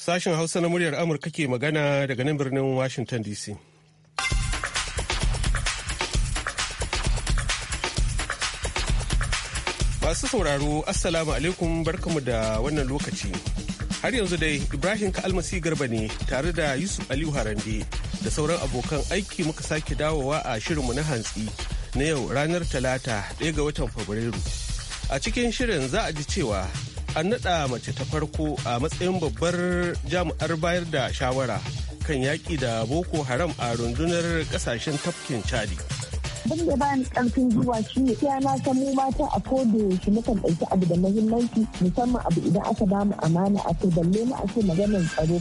Sashen Hausa na muryar Amurka ke magana daga nan birnin Washington DC. Masu sauraro, Assalamu alaikum barkamu da wannan lokaci. Har yanzu dai Ibrahim ka'almasi Garba ne tare da Yusuf Aliyu Harande da sauran abokan aiki muka sake dawowa a shirinmu na hantsi na yau ranar Talata 1 ga watan Fabrairu. A cikin shirin za a ji cewa an naɗa mace ta farko a matsayin babbar jami'ar bayar da shawara kan yaƙi da boko haram a rundunar ƙasashen tafkin chadi. abin da bani karfin zuwa shi ne ya na san mu mata a koda shi mukan ɗauki abu da muhimmanci musamman abu idan aka ba mu amana a balle mu a ce maganar tsaro.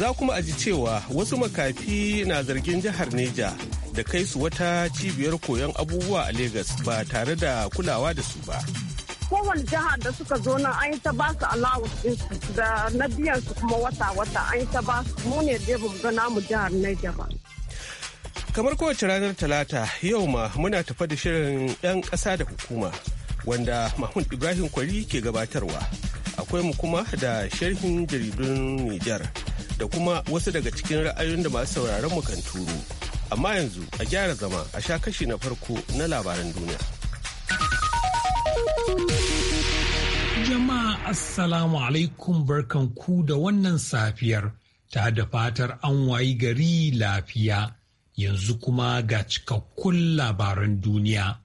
Za kuma aji cewa wasu makafi na zargin jihar Neja da kai su wata cibiyar koyon abubuwa a Legas ba tare da kulawa da su ba. kowane jihar da suka zo nan an yi ta ba su da na biyan su kuma wata-wata an yi ta ba su mu ne dai bamu ga namu jihar Niger Kamar kowace ranar Talata yau ma muna tafa da shirin 'yan ƙasa da hukuma wanda Mahmud Ibrahim Kwari ke gabatarwa. Akwai mu kuma da sharhin jaridun Nijar da kuma wasu daga cikin ra'ayoyin da masu sauraron mu kan turu, Amma yanzu a gyara zama a sha kashi na farko na labaran duniya. Jama'a Assalamu alaikum barkan ku da wannan safiyar ta da fatar an wayi gari lafiya yanzu kuma ga cikakkun labaran duniya.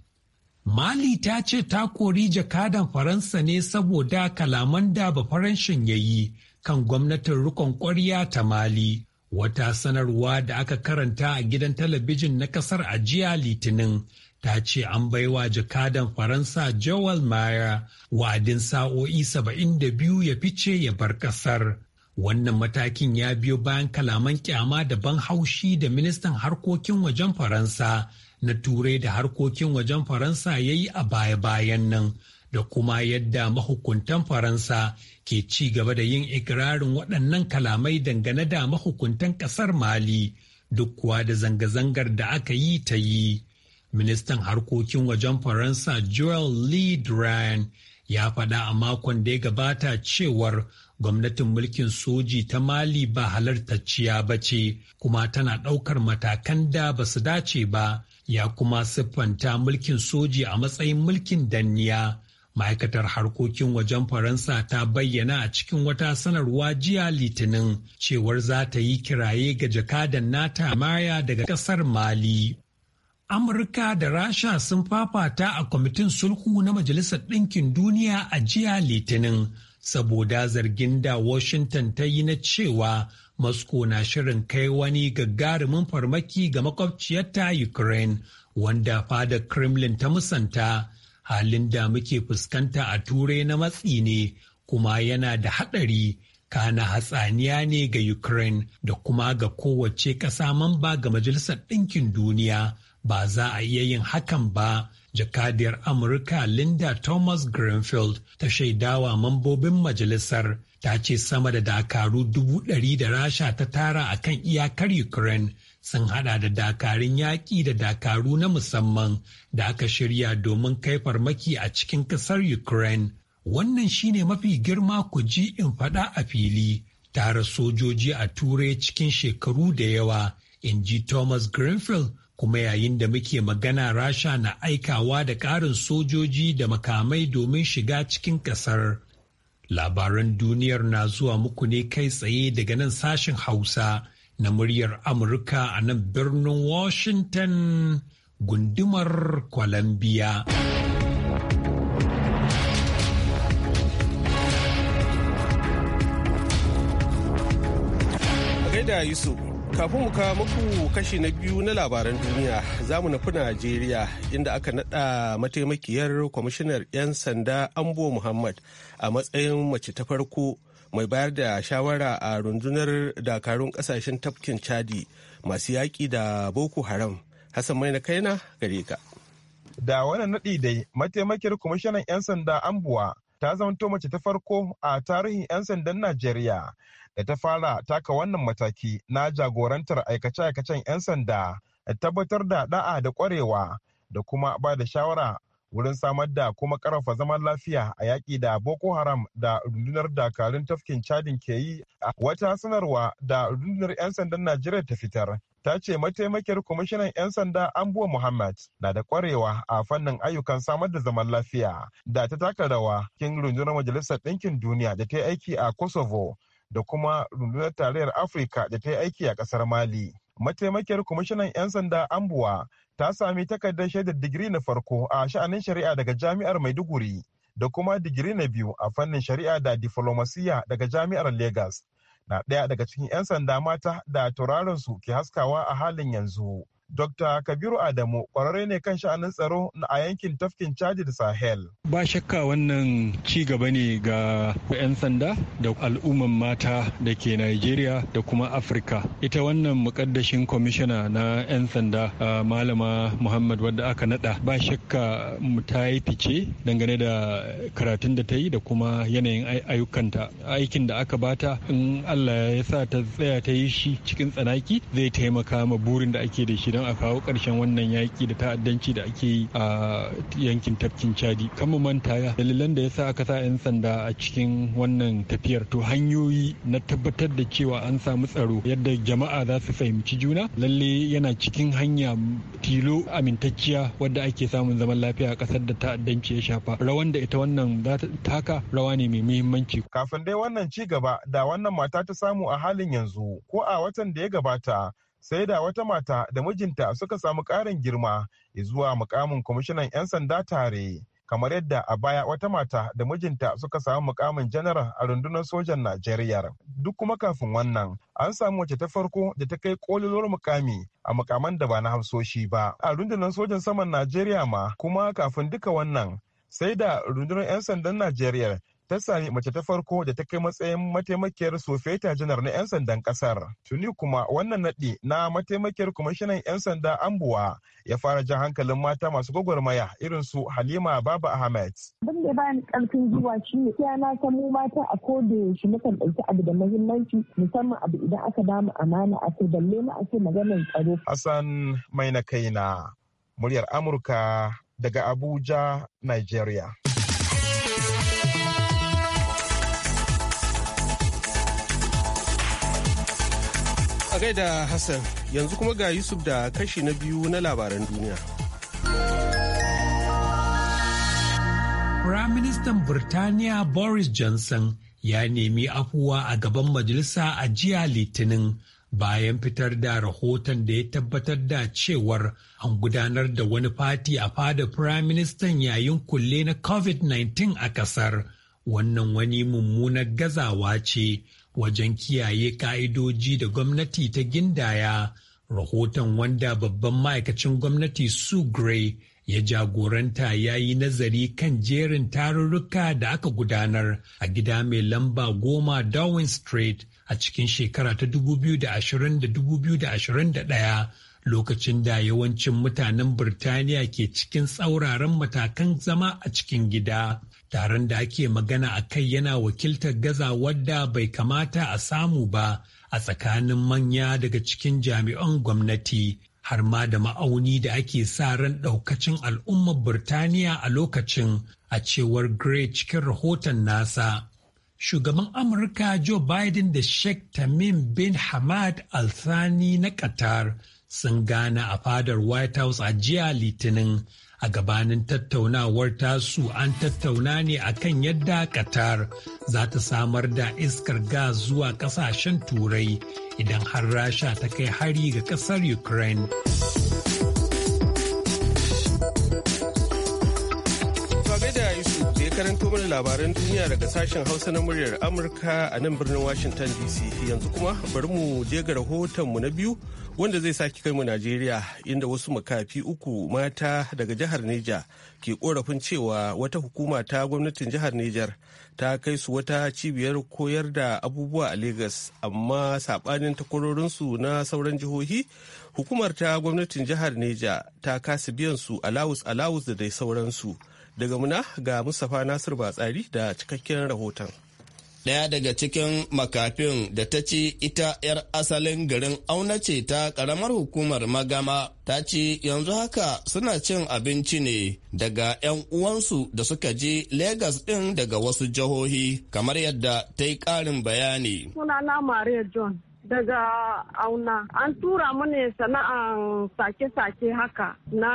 Mali ta ce ta kori jakadan Faransa ne saboda kalaman da ba Faranshin ya yi kan gwamnatin rukon ƙwarya ta Mali. Wata sanarwa da aka karanta a gidan talabijin na ƙasar a jiya Litinin ta ce an baiwa jakadan faransa joel mayer wa'adin sa'o'i saba'in da biyu ya fice ya bar ƙasar. wannan matakin ya biyo bayan kalaman kyama da ban haushi da ministan harkokin wajen faransa na turai da harkokin wajen faransa ya yi a baya-bayan nan da kuma yadda mahukuntan Faransa ke ci gaba da yin ikirarin waɗannan kalamai dangane da mahukuntan ƙasar Mali duk kuwa da zanga-zangar da aka yi ta yi. ministan harkokin wajen faransa joel lee drian ya faɗa a makon da ya gabata cewar gwamnatin mulkin soji ta mali ba halartacciya ba ce kuma tana ɗaukar matakan da ba su dace ba ya kuma siffanta mulkin soji a matsayin mulkin danniya ma'aikatar harkokin wajen faransa ta bayyana a cikin wata sanarwa jiya litinin cewar za ta yi kiraye ga jakadan nata maya daga ƙasar mali Amurka da Rasha sun fafata a kwamitin sulhu na Majalisar Ɗinkin Duniya a jiya Litinin saboda zargin da Washington ta yi na cewa Moscow na shirin kai wani gagarumin farmaki ga makwabciyarta Ukraine wanda fada Kremlin ta musanta halin da muke fuskanta a turai na matsi ne kuma yana da haɗari kana hatsaniya ne ga Ukraine da kuma ga kowace ƙasa mamba ga Majalisar Ɗinkin Duniya. ba za a iya yin hakan ba jakadiyar amurka linda thomas greenfield ta shaidawa mambobin majalisar ta ce sama da dakaru dubu ɗari da rasha ta tara a kan iyakar ukraine sun hada da dakarun yaƙi da dakaru na musamman da aka shirya domin kai farmaki a cikin ƙasar ukraine wannan shine mafi girma ku ji in faɗa a fili tara sojoji a turai cikin shekaru da yawa in ji thomas greenfield kuma yayin da muke magana rasha na aikawa da ƙarin sojoji da makamai domin shiga cikin ƙasar. Labaran duniyar na zuwa muku ne kai tsaye daga nan sashen Hausa na muryar Amurka a nan birnin Washington gundumar Columbia. da Yusuf kafin mu kawo muku kashi na biyu na labaran duniya za mu nufi najeriya inda aka nada mataimakiyar kwamishinar 'yan sanda ambo muhammad a matsayin mace ta farko mai bayar da shawara a rundunar dakarun kasashen tafkin chadi masu yaƙi da boko haram hassan mai na kaina gare ka da wannan naɗi dai mataimakiyar kwamishinan 'yan sanda ambuwa ta zamanto mace ta farko a tarihin 'yan sandan najeriya da ta fara taka wannan mataki na jagorantar aikace-aikacen 'yan sanda tabbatar da da'a da kwarewa da kuma ba da shawara wurin samar da kuma karafa zaman lafiya a yaƙi da boko haram da rundunar dakarun tafkin chadin ke yi a wata sanarwa da rundunar 'yan sandan najeriya ta fitar ta ce mataimakiyar kwamishinan 'yan sanda ambuwa muhammad na da kwarewa a fannin ayyukan samar da zaman lafiya da ta taka rawa kin rundunar majalisar ɗinkin duniya da ta yi aiki a kosovo da kuma rundunar tarayyar afirka da ta yi aiki a ƙasar mali mataimakiyar kwamishinan 'yan sanda ambuwa ta sami takardar shaidar digiri na farko a sha'anin shari'a daga jami'ar maiduguri da kuma digiri na biyu a fannin shari'a da diflomasiya daga jami'ar Legas na ɗaya daga cikin 'yan sanda mata da tauraron su ke haskawa a halin yanzu Dr. Kabiru Adamu kwararre ne kan sha'anin tsaro a yankin tafkin Chad da Sahel. Ba shakka wannan ci gaba ne ga 'yan sanda da al'umman mata da ke Najeriya da kuma Afirka. Ita wannan mukaddashin kwamishina na 'yan sanda Malama Muhammad wadda aka nada ba shakka mu ta yi fice dangane da karatun da ta yi da kuma yanayin ayyukanta. Aikin da aka bata in Allah ya sa ta tsaya ta yi shi cikin tsanaki zai taimaka ma burin da ake da shi don a kawo ƙarshen wannan yaƙi da ta'addanci da ake yi a yankin tafkin chadi kan mu manta dalilan da yasa aka sa 'yan sanda a cikin wannan tafiyar to hanyoyi na tabbatar da cewa an samu tsaro yadda jama'a za su fahimci juna lalle yana cikin hanya tilo amintacciya wadda ake samun zaman lafiya a ƙasar da ta'addanci ya shafa rawan da ita wannan za ta taka rawa ne mai muhimmanci kafin dai wannan ci gaba da wannan mata ta samu a halin yanzu ko a watan da ya gabata sai da wata mata da mijinta suka samu ƙarin girma zuwa mukamin kwamishinan 'yan sanda tare kamar yadda a baya wata mata da mijinta suka samu mukamin janar a rundunar sojan Najeriya. Duk kuma kafin wannan an samu wace ta farko da ta kai kolilor mukami a mukaman da ba na hafsoshi ba. A rundunar sojan saman Najeriya ma kuma kafin duka wannan sai da rundunar 'yan sandan Najeriya ta sami mace ta farko da ta kai matsayin mataimakiyar sofeta janar na 'yan sandan kasar. Tuni kuma wannan naɗi na mataimakiyar kwamishinan 'yan sanda Ambuwa ya fara jan hankalin mata masu gwagwarmaya irin su Halima Baba Ahmed. Abin da bani karfin zuwa, shi ne ya na san mata a koda shi mukan ɗauki abu da muhimmanci musamman abu idan aka damu amana a ce balle ma a ce maganar tsaro. Hassan Mai na kaina muryar Amurka daga Abuja, Nigeria. a gaida Hassan yanzu kuma ga Yusuf da kashi na biyu na labaran duniya. Firaministan Birtaniya Boris Johnson ya nemi afuwa a gaban majalisa a jiya Litinin bayan fitar da rahoton da ya tabbatar da cewar an gudanar da wani fati a fada firaministan yayin kulle na COVID-19 a kasar. Wannan wani mummunar gazawa ce. wajen kiyaye ka'idoji da gwamnati ta gindaya rahoton wanda babban ma'aikacin gwamnati su gray ya jagoranta ya yi nazari kan jerin tarurruka da aka gudanar a gida mai lamba goma Darwin Street a cikin shekara ta 2020 da 2021 lokacin da yawancin mutanen Birtaniya ke cikin tsauraran matakan zama a cikin gida. Taron da ake magana a kai yana wakiltar gaza wadda bai kamata a samu ba a tsakanin manya daga cikin jami'an gwamnati har ma da ma'auni da ake sa ran ɗaukacin al'ummar Birtaniya a lokacin a cewar Gray cikin rahoton nasa. shugaban Amurka Joe Biden da Sheikh Tamim bin Hamad Al Thani na Qatar sun gana a fadar White House a jiya Litinin. A gabanin tattaunawar tasu an tattauna ne akan yadda Qatar za ta samar da iskar gas zuwa kasashen turai idan har Rasha ta kai hari ga kasar Ukraine. karanto mana labaran duniya daga sashen hausa na muryar amurka a nan birnin washington dc yanzu kuma bari mu je ga rahotonmu na biyu wanda zai sake kai mu najeriya inda wasu makafi uku mata daga jihar neja ke korafin cewa wata hukuma ta gwamnatin jihar nejar ta kai su wata cibiyar koyar da abubuwa a lagos amma sabanin takwarorinsu na sauran jihohi hukumar ta gwamnatin jihar neja ta kasa biyan su alawus alawus da dai sauransu. Daga muna ga Mustapha Nasir Batsari da cikakken rahoton. daya daga cikin makafin da ta ci ita 'yar asalin garin auna ce ta ƙaramar hukumar magama ta ci yanzu haka suna cin abinci ne daga 'yan uwansu da suka je Legas din daga wasu jihohi kamar yadda ta yi ƙarin bayani. Sunana Maria John. daga auna an tura mana sana'an sake-sake haka na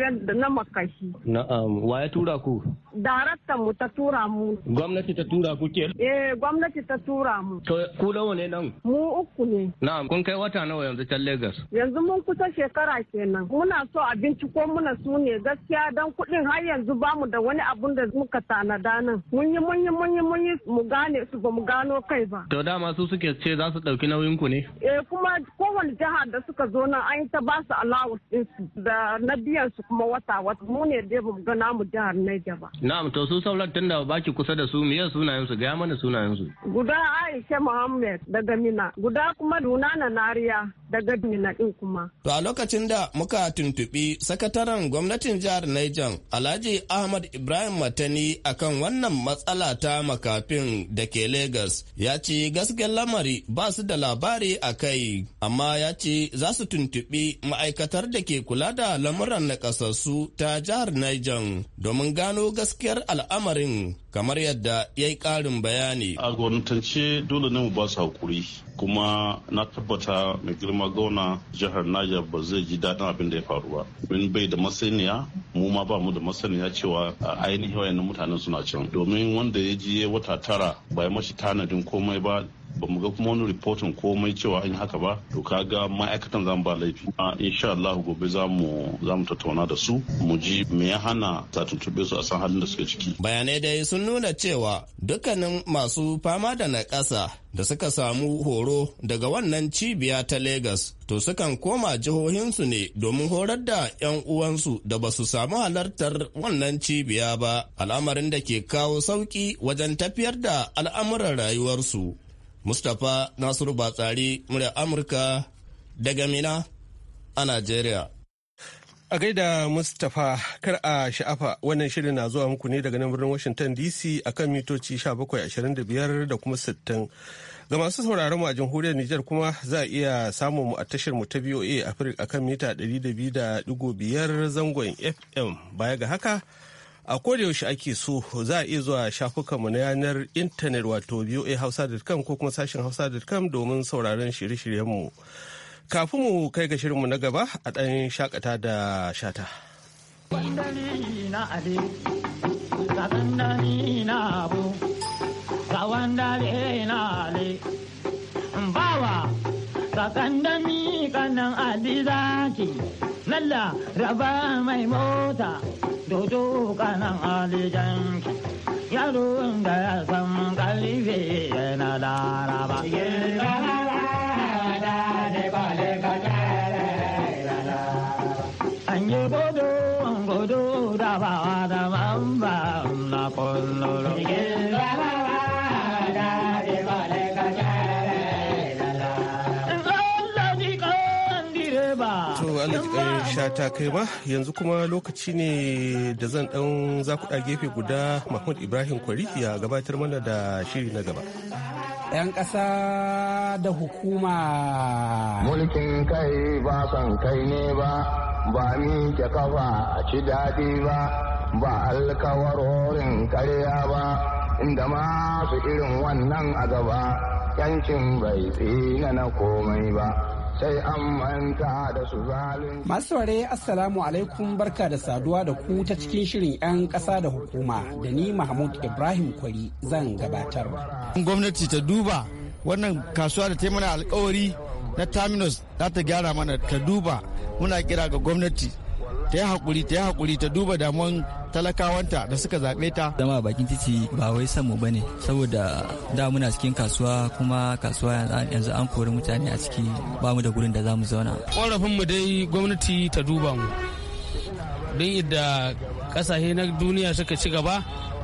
yadda na makashi na'am wa ya tura ku daraktan mu ta tura mu gwamnati ta tura ku ke eh gwamnati ta tura mu to ku nawa ne nan mu uku ne na'am kun kai wata nawa yanzu can Lagos yanzu mun kusa shekara kenan muna so a binciko muna su ne gaskiya dan kudin har yanzu bamu da wani abun da muka tanada nan mun yi mun yi mun yi mun yi mu gane su ba mu gano kai ba to dama su suke ce za su ɗauki nauyin ku ne? Eh kuma kowane jihar da suka zo nan an ta ba su allowance din su da na biyan su kuma wata wata mu ne dai ba ga namu jihar Niger ba. Na'am to su sauran tunda ba ki kusa da su miyar sunayen su gaya mana sunayen su. Guda Aisha Muhammad daga Mina guda kuma Dunana Nariya daga Dela ɗin kuma. To a lokacin da muka tuntuɓi sakataren gwamnatin jihar Niger Alhaji Ahmad Ibrahim Matani akan wannan matsala ta makafin da ke lagos ya ce gaskiyar lamari ba su da labari a kai amma ya ce za su tuntuɓi ma'aikatar da ke kula da lamuran ƙasassu ta jihar Niger domin gano gaskiyar al'amarin kamar yadda ya yi ƙarin bayani. A gwamnatance dole ne mu ba su haƙuri kuma na tabbata mai girma kuma jihar Niger ba zai ji daɗin abin da ya faru ba. Min bai da masaniya mu ma ba mu da masaniya cewa ainihin wayannan mutanen suna can. Domin wanda ya je wata tara bai mashi tanadin komai ba ba mu ga kuma wani reportin komai cewa an haka ba to kaga ma'aikatan zamu ba laifi a insha Allah gobe za mu tattauna da su mu ji me ya hana ta tuntube su a san halin da suke ciki bayanai dai sun nuna cewa dukkanin masu fama da naƙasa da suka samu horo daga wannan cibiya ta Legas to sukan koma jihohinsu ne domin horar da 'yan uwansu da ba su samu halartar wannan cibiya ba al'amarin da ke kawo sauƙi wajen tafiyar da al'amuran rayuwarsu Mustapha Nasiru Batsari murya Amurka daga Mina a Najeriya. A gaida Mustapha kar a sha'afa wannan shirin na zuwa muku ne daga nan birnin Washington DC akan mitoci 1725 da kuma 60. Ga masu sauraron mu a jamhuriyar Nijar kuma za a iya samun mu a tashar mu ta VOA Africa akan mita 200.5 zangon FM. Baya ga haka a yaushe ake so za a iya zuwa shafukanmu na yanar intanet wato voahausa.com ko kuma sashen hausa.com domin sauraron shirye-shiryenmu kafin mu kai ga shirinmu na gaba a ɗan shakata da shata Bawa kakandami kanan alizaki lalla raba mai mota dodo kanan alijanki yaron da ya san ta kai ba yanzu kuma lokaci ne da zan dan zakuɗa gefe guda mahmud ibrahim kwari ya gabatar mana da shiri na gaba 'yan ƙasa da hukuma mulkin kai ba san kai ne ba ba ni ke kafa a ci daɗi ba ba alkawarorin karya ba inda masu irin wannan a gaba yancin bai tsina na komai ba sai an manta da su zalunci. Masu ware Assalamu alaikum barka da saduwa da ku ta cikin shirin 'yan ƙasa da hukuma da ni Mahmud Ibrahim Kwari zan gabatar. Gwamnati ta duba wannan kasuwa da ta yi mana alkawari na terminus za ta gyara mana ta duba muna kira ga gwamnati ta yi hakuri ta yi hakuri ta duba damuwan talakawanta da suka zaɓe ta. Zama a bakin titi ba wai san ba ne saboda da muna cikin kasuwa kuma kasuwa yanzu an kori mutane a ciki ba mu da gurin da za mu zauna. mu dai gwamnati ta duba mu. Don yadda kasashe na duniya suka ci gaba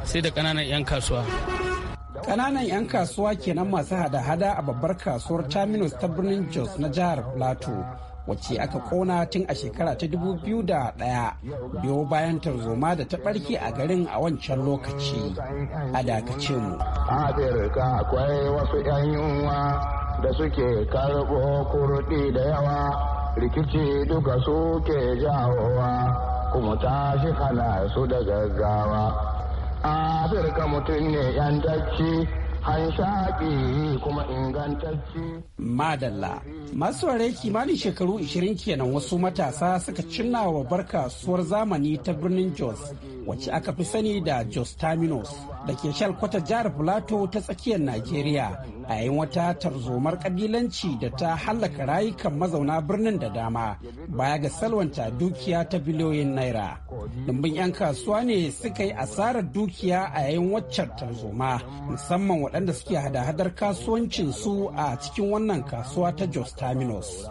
sai da kananan 'yan kasuwa. kananan 'yan kasuwa kenan masu hada-hada a babbar kasuwar Terminus ta birnin Jos na jihar Plateau. wacce aka kona tun a shekara ta 2001 biyo bayan tarzoma da ta barke a garin a wancan lokaci a dakace mu akwai wasu 'yan yunwa da suke karɓo kurɗi da yawa rikici duka suke jawowa kuma tashi hana su da gaggawa afirka mutum ne 'yan tacci an Madalla, masu ware kimanin shekaru 20 kenan wasu matasa suka cinna wa barka suwar zamani ta birnin Jos, wacce aka fi sani da Jos Terminus. da ke shalkwata jihar Filato ta tsakiyar Najeriya a yayin wata tarzomar kabilanci da ta hallaka rayukan mazauna birnin da dama baya ga salwanta dukiya ta biliyoyin naira. Dumbin 'yan kasuwa ne suka yi asarar dukiya a yayin waccan tarzoma musamman waɗanda suke hada-hadar kasuwancin su a cikin wannan kasuwa ta Jos Terminus.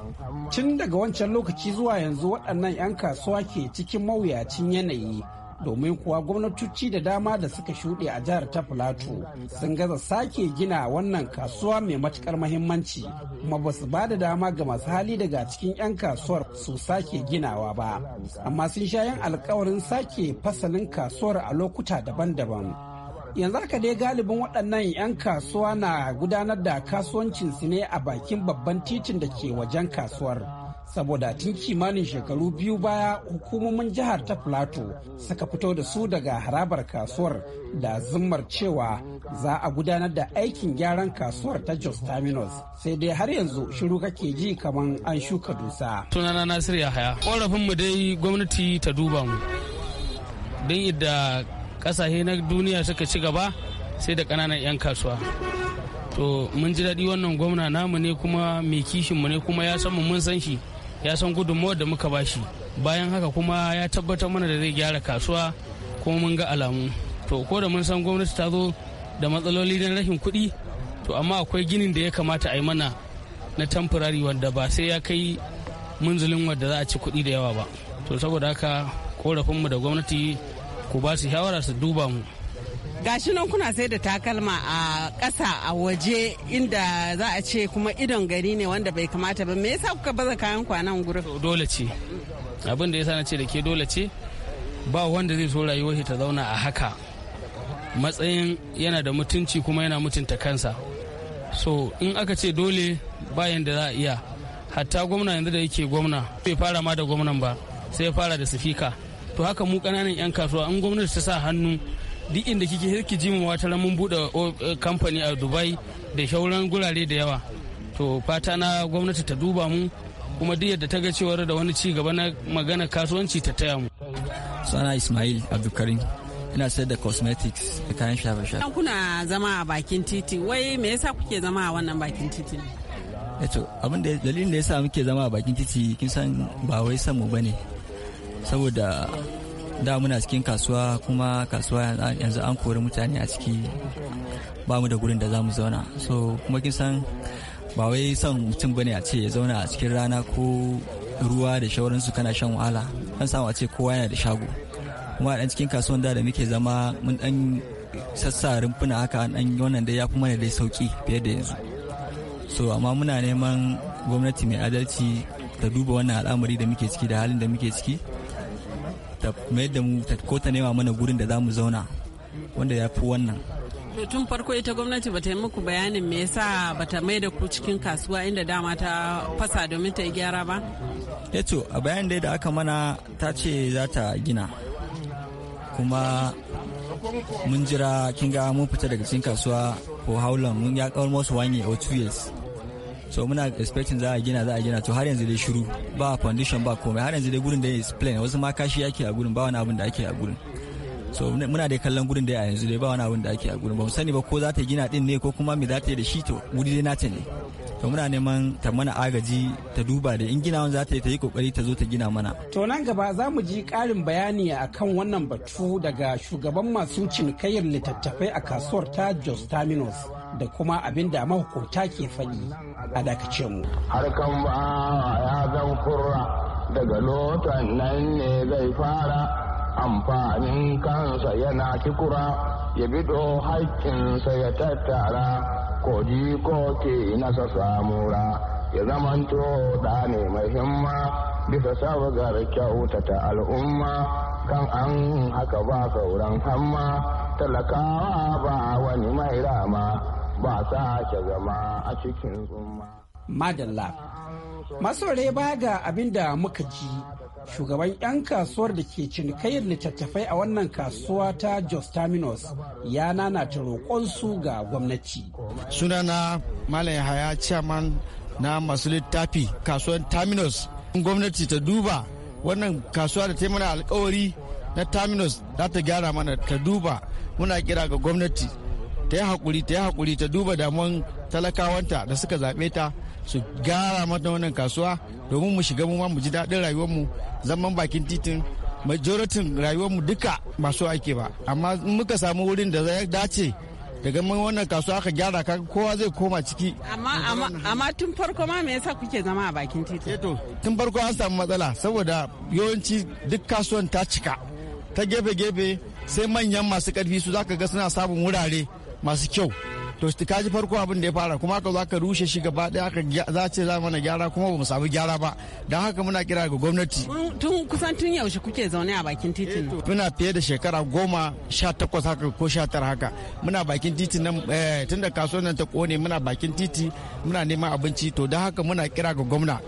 Tun daga wancan lokaci zuwa yanzu waɗannan 'yan kasuwa ke cikin mawuyacin yanayi domin kuwa gwamnatoci da dama da suka shuɗe a jihar ta Filato sun gaza sake gina wannan kasuwa mai matukar mahimmanci kuma ba su ba da dama ga masu hali daga cikin 'yan kasuwar su sake ginawa ba amma sun sha yin alkawarin sake fasalin kasuwar a lokuta daban-daban yanzu haka dai galibin waɗannan 'yan kasuwa na gudanar da kasuwancinsu ne a bakin babban titin da ke wajen kasuwar saboda tun kimanin shekaru biyu baya hukumomin jihar ta plato suka fito da su daga harabar kasuwar da zimmar cewa za a gudanar da aikin gyaran kasuwar ta jos terminus sai dai har yanzu shiru kake ji kamar an shuka dusa tunana nasir yahaya korafin mu dai gwamnati ta duba mu don yadda kasashe na duniya suka ci gaba sai da kananan 'yan kasuwa to mun ji daɗi wannan gwamna namu ne kuma mai kishinmu ne kuma ya san mu mun san shi ya san gudunmuwar da muka bashi bayan haka kuma ya tabbatar mana da zai gyara kasuwa kuma mun ga alamu to ko da mun san gwamnati ta zo da matsaloli na rashin kuɗi to amma akwai ginin da ya kamata a yi mana na tamfurari wanda ba sai ya kai munzulin wanda za a ci kuɗi da yawa ba to saboda haka korafinmu da gwamnati ku ba su shawara su duba mu gashi nan kuna sai da takalma a kasa a waje inda za a ce kuma idon gari ne wanda bai kamata ba me yasa kuka baza kayan kwanan gurin dole ce abin da yasa na ce da ke dole ce ba wanda zai so rayuwar ta zauna a haka matsayin yana da mutunci kuma yana mutunta kansa so in aka ce dole bayan da za a iya hatta gwamna yanzu da yake gwamna bai fara ma da gwamnan ba sai ya fara da sifika to haka mu kananan 'yan kasuwa an gwamnati ta sa hannu duk inda kike ki ji wata mun bude eh, kamfani a dubai da shauran gurare da yawa to fata na gwamnati ta duba mu kuma duk yadda ta ga cewar da wani ci gaba na magana kasuwanci ta taya mu sana ismail abdulkarim ina sayar da cosmetics da kayan shafa shafa. kuna zama a bakin titi wai me yasa kuke zama a wannan bakin titi eto eh, abin da dalilin da yasa muke zama a bakin titi kin san ba wai san mu bane saboda da muna cikin kasuwa kuma kasuwa yanzu an kori mutane a ciki ba mu da gurin da za mu zauna so kuma kin san ba wai son mutum bane a ce ya zauna a cikin rana ko ruwa da shauransu kana shan wahala an samu a ce kowa yana da shago kuma a dan cikin kasuwan da da muke zama mun dan sassa rumfuna haka dan wannan dai yafi mana dai sauki fiye da yanzu so amma muna neman gwamnati mai adalci ta duba wannan al'amari da muke ciki da halin da muke ciki ta mayar da mu ko ta nema mana gurin da za mu zauna wanda ya fi wannan tun farko ita gwamnati ba ta yi muku bayanin me yasa bata mai da ku cikin kasuwa inda dama ta fasa domin ta yi gyara ba eto eh a bayan da aka mana ta ce za ta gina kuma mun jira kin ga mun fita daga cikin kasuwa ko how long mun ya kawar one wanye o two years so muna expecting za a gina za a gina to har yanzu dai shiru ba foundation ba komai har yanzu dai gurin da ya explain wasu ma kashi ake a gurin ba wani abin da ake a gurin so muna dai kallon gurin da a yanzu dai ba wani abin da ake a gurin ba mu sani ba ko za ta gina din ne ko kuma me za ta yi da shi to wuri dai nata ne to muna neman ta mana agaji ta duba da in gina za ta yi ta kokari ta zo ta gina mana to nan gaba za mu ji karin bayani akan wannan batu daga shugaban masu cinikayyar littattafai a kasuwar ta Jos Terminus da kuma abin da mahukunta ke faɗi a dakace mu harkan ba ya zan kurra daga lotan nan ne zai fara amfanin kansa yana kikura ya bido haƙƙinsa ya tattara ko ji ko ke nasa samura ya zamanto da ne mai himma bisa sabgar kyautata al'umma kan an haka ba sauran hamma talakawa ba wani mai rama ba sa sake zama a cikin tsumma. Madalla. masore ba ga abinda muka ji shugaban 'yan kasuwar da ke cinikayyar littattafai a wannan kasuwa ta Jos Terminus ya nana nanata roƙonsu ga gwamnati. Sunana Malam haya Chairman na masu littafi kasuwar Terminus. Gwamnati ta duba wannan kasuwa da ta mana alkawari na Terminus za ta gyara mana ta duba muna kira ga gwamnati ta yi haƙuri ta yi haƙuri ta duba damuwan talakawanta da suka zaɓe ta su gyara mata wannan kasuwa domin mu shiga mu ma mu ji daɗin rayuwarmu zaman bakin titin majoratin rayuwarmu duka masu ake ba amma in muka samu wurin da ya dace daga mun wannan kasuwa aka gyara ka kowa zai koma ciki amma tun farko ma me yasa kuke zama a bakin titi eh to tun farko an samu matsala saboda yawanci duk kasuwan ta cika ta gefe gefe sai manyan masu karfi su zaka ga suna samun wurare masu kyau to ka ji farko abin da ya fara kuma ka zaka rushe shi gaba daya aka za ce za mana gyara kuma ba mu samu gyara ba don haka muna kira ga gwamnati tun kusan tun yaushe kuke zaune a bakin titin muna fiye da shekara goma sha takwas haka ko sha tara haka muna bakin titi nan eh, tun da kasuwar nan ta kone muna bakin titi muna neman abinci to don haka muna kira ga gwamna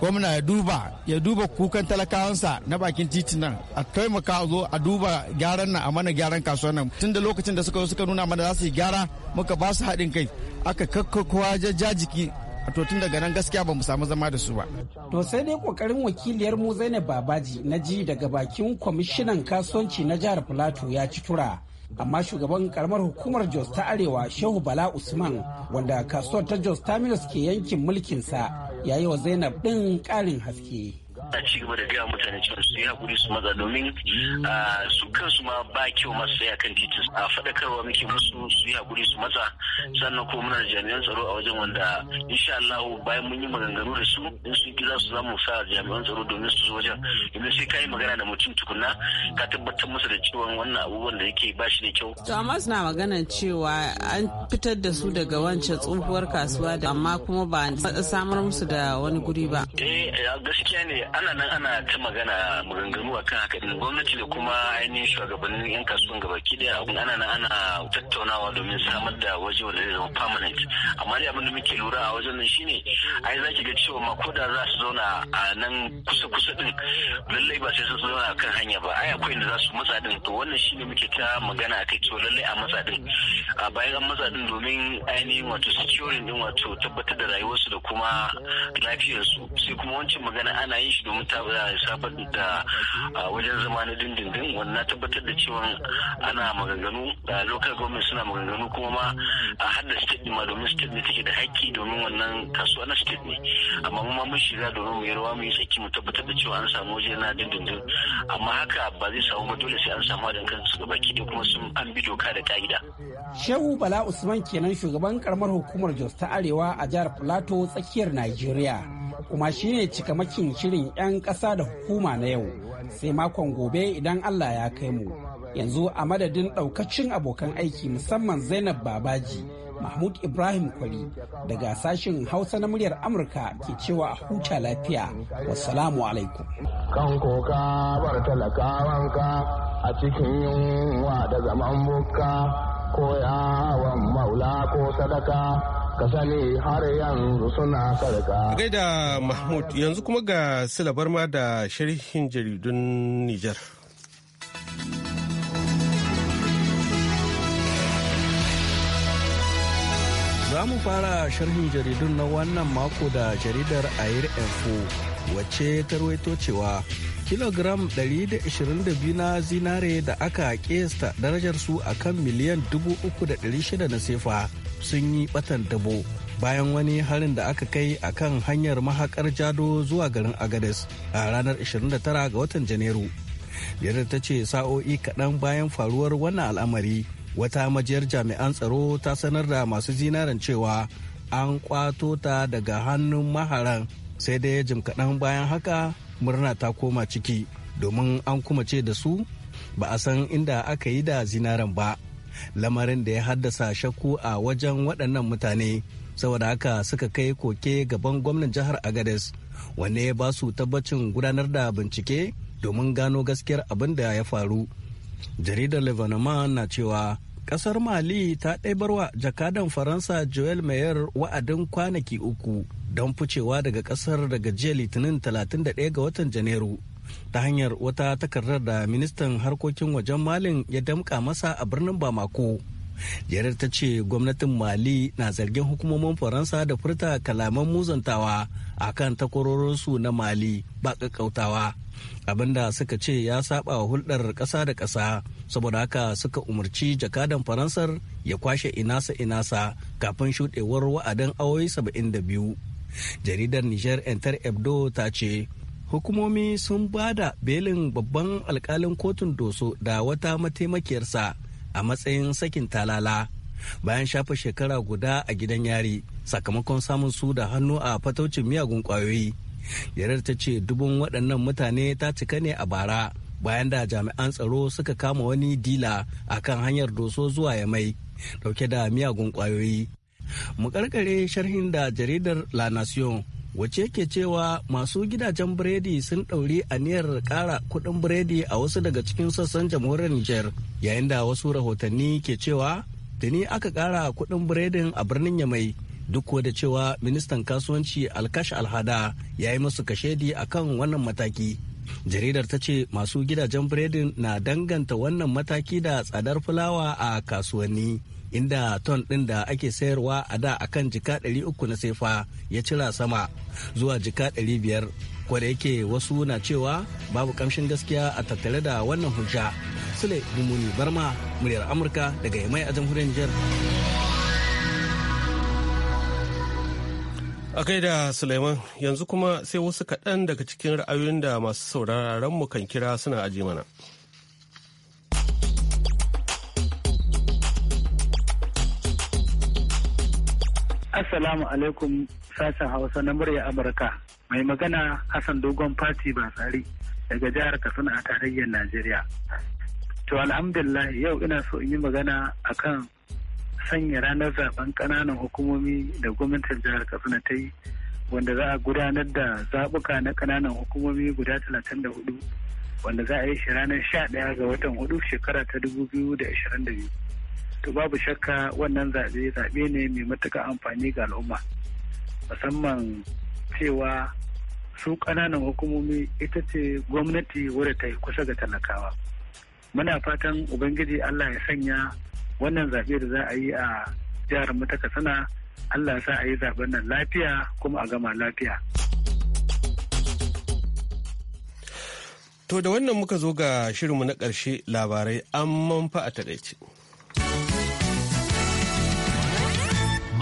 gwamna ya duba ya duba kukan talakawansa na bakin titin nan a taimaka a zo a duba gyaran nan a mana gyaran kasuwar nan tun da lokacin da suka zo suka nuna mana za su yi gyara muka ba su haɗin kai aka kakkakowa jajiki a to tun daga nan gaskiya ba mu samu zama da su ba. To sai dai kokarin wakiliyar mu Zainab Babaji na ji daga bakin kwamishinan kasuwanci na jihar Filato ya ci tura. amma shugaban karamar hukumar jos ta arewa shehu bala usman wanda kasuwar ta jos terminus ke yankin mulkinsa ya yi wa Zainab ɗin ƙarin haske. a ci gaba da gaya mutane cewa su yi hakuri su maza domin su kansu ma ba kyau masu tsaya kan titin a faɗakarwa muke musu su yi hakuri su maza sannan kuma muna da jami'an tsaro a wajen wanda insha Allah bayan mun yi maganganu da su in sun gida su za mu sa jami'an tsaro domin su zo wajen domin sai ka yi magana da mutum tukunna ka tabbatar masa da cewa wannan abubuwan da yake ba shi da kyau. To amma suna magana cewa an fitar da su daga wancan tsohuwar kasuwa da amma kuma ba samar musu da wani guri ba. Eh gaskiya ne ana nan ana ta magana maganganu a kan haka gwamnati da kuma ainihin shugabannin yan kasuwan gaba daya abin ana nan ana tattaunawa domin samar da waje wanda zai zama permanent amma dai abin da muke lura a wajen nan shine ai zaki ga cewa ma ko da za su zauna a nan kusa kusa din lallai ba sai su zauna kan hanya ba ai akwai inda za su matsa din to wannan shine muke ta magana kai cewa lallai a matsa din a bayan an matsa din domin ainihin wato securing din wato tabbatar da rayuwarsu da kuma lafiyarsu sai kuma wancan magana ana yin shi domin ta shafar da wajen zama na dindindin wannan tabbatar da cewa ana maganganu da local government suna maganganu kuma ma a hada state ma domin state ne take da haƙƙi domin wannan kasuwa na state ne amma mu ma mun shiga domin mu yi rawa mu yi tsaki mu tabbatar da cewa an samu waje na dindindin amma haka ba zai samu ba dole sai an samu haɗin kan su gabaki ɗaya kuma sun an bi doka da ka'ida. Shehu Bala Usman kenan shugaban karamar hukumar Jos ta Arewa a jihar Plateau tsakiyar Najeriya. kuma shi ne cikamakin shirin 'yan ƙasa da hukuma na yau sai makon gobe idan Allah ya kai mu yanzu a madadin ɗaukacin abokan aiki musamman zainab babaji mahmud ibrahim kwari daga sashen hausa na muryar amurka ke cewa a huta lafiya wasalamu alaikum kan koka bar talakawanka a cikin yunwa da zaman buka ko yawon maula ko sadaka ka sani har yanzu suna Gaida Mahmud yanzu kuma ga silabar ma da sharhin jaridun Nijar. Za mu fara sharhin jaridun na wannan mako da jaridar Air Info wacce ta ruwaito cewa kilogram 122 na zinare da aka kesta darajar su akan miliyan 3,600 na sefa sun yi batan dabo bayan wani harin da aka kai a kan hanyar mahakar jado zuwa garin agades a ranar 29 ga watan janairu yadda ta ce sa'o'i kaɗan bayan faruwar wannan al'amari wata majiyar jami'an tsaro ta sanar da masu zinaren cewa an kwato ta daga hannun maharan sai dai jim kaɗan bayan haka murna ta koma ciki domin an kuma ce da su ba a san inda aka yi da zinaren ba lamarin da ya haddasa shakku a wajen waɗannan mutane saboda haka suka kai koke gaban gwamnan jihar agades wanne ya ba su tabbacin gudanar da bincike domin gano gaskiyar abin da ya faru jaridar lebanon na cewa kasar mali ta ɗaibarwa jakadan faransa joel mayer wa'adin kwanaki uku don ficewa daga kasar daga jiya litinin 31 ga watan janairu ta hanyar wata takardar da ministan harkokin wajen malin ya damka masa a birnin bamako jerar ta ce gwamnatin mali na zargin hukumomin faransa da furta kalaman muzantawa a kan takwarorinsu na mali ba ƙaƙƙautawa abinda suka ce ya saba wa hulɗar ƙasa da ƙasa saboda haka suka umarci jakadan faransar ya kwashe inasa inasa kafin shuɗewar wa'adin awoyi 72 jaridar niger enter ebdo ta ce hukumomi sun ba da belin babban alkalin kotun doso da wata mataimakiyarsa a matsayin sakin talala bayan shafa shekara guda a gidan yari sakamakon samun su da hannu a fataucin miyagun kwayoyi yarar ta ce dubun waɗannan mutane ta cika ne a bara bayan da jami'an tsaro suka kama wani dila a kan hanyar doso zuwa ya mai dauke da miyagun kwayoyi mu karkare sharhin da jaridar la nation Wace ke cewa masu gidajen biredi sun ɗauri a aniyar ƙara kuɗin biredi a wasu daga cikin sassan jamhuriyar Nijar yayin da wasu rahotanni ke cewa tuni aka ƙara kuɗin biredin a birnin Yamai duk da cewa ministan kasuwanci alkash alhada ya yi musu kashedi akan wannan mataki. jaridar ta ce masu gidajen biredin na danganta wannan mataki da tsadar fulawa a kasuwanni inda ton ɗin da ake sayarwa a da akan jika 300 na sefa ya cira sama zuwa jika 500 kwada yake wasu na cewa babu kamshin gaskiya a tattare da wannan hujja sule dumuni barma muryar amurka daga yamai a jamhuriyar niger a da suleiman yanzu kuma sai wasu kaɗan daga cikin ra'ayoyin da masu sauraron mu kan kira suna aji mana Assalamu alaikum sashen Hausa na murya Amurka. Mai magana Hassan Dogon Fati basari daga jihar Katsina a tarayyar Najeriya. To alhamdulillah yau ina so in yi magana akan sanya ranar zaben ƙananan hukumomi da gwamnatin jihar Katsina ta yi wanda za a gudanar da zaɓuka na ƙananan hukumomi guda 34 wanda za a yi shi ranar 11 ga watan 4 shekara ta 2022. to babu shakka wannan zaɓe zaɓe ne mai matuka amfani ga al'umma musamman cewa su ƙananan hukumomi ita ce gwamnati wadda ta yi kusa ga talakawa muna fatan ubangiji allah ya sanya wannan zaɓe da za a yi a jihar mu ta allah ya sa a yi zaɓen nan lafiya kuma a gama lafiya To da wannan muka zo ga shirinmu na ƙarshe labarai an manfa a taɗaice.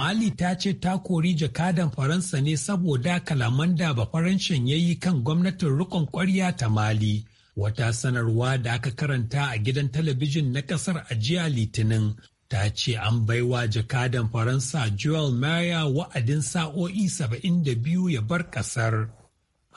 Mali ta ce ta kori jakadan Faransa ne saboda kalaman da ba Faranshan ya yi kan gwamnatin rikon kwarya ta Mali. Wata sanarwa da aka karanta a gidan talabijin na kasar a jiya Litinin ta ce an baiwa jakadan Faransa Joel Maya wa'adin sa'o'i saba'in da biyu ya bar kasar.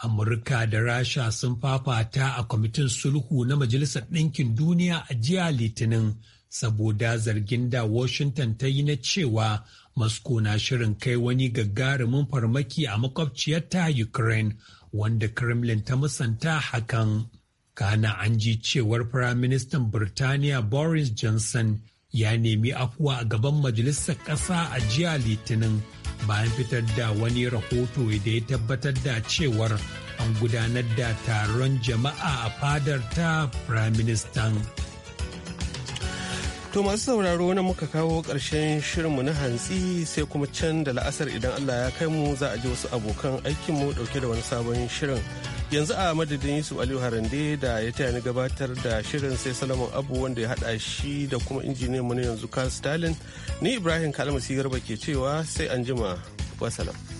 Amurka da Rasha sun fafata a kwamitin sulhu na Majalisar Ɗinkin Duniya a jiya Litinin. saboda zargin da Washington ta yi na cewa Moscow na shirin kai wani gagarumin farmaki a makwabciyarta Ukraine wanda Kremlin ta musanta hakan. Kana an ji cewar Firaministan Birtaniya Boris Johnson ya nemi afuwa a gaban Majalisar Ƙasa a jiya Litinin bayan fitar da wani rahoto da ya tabbatar da cewar an gudanar da taron jama'a a fadar ta Firaministan. To masu sauraro na muka kawo ƙarshen shirinmu na hantsi sai kuma can da la'asar idan Allah ya kai mu za a ji wasu abokan aikinmu ɗauke da wani sabon shirin. Yanzu a madadin Yusuf Aliyu Harande da ya taya ni gabatar da shirin sai Salamun Abu wanda ya haɗa shi da kuma injiniyan mu na yanzu karl Stalin. Ni Ibrahim Kalmasi Garba ke cewa sai anjima jima. Wasalam.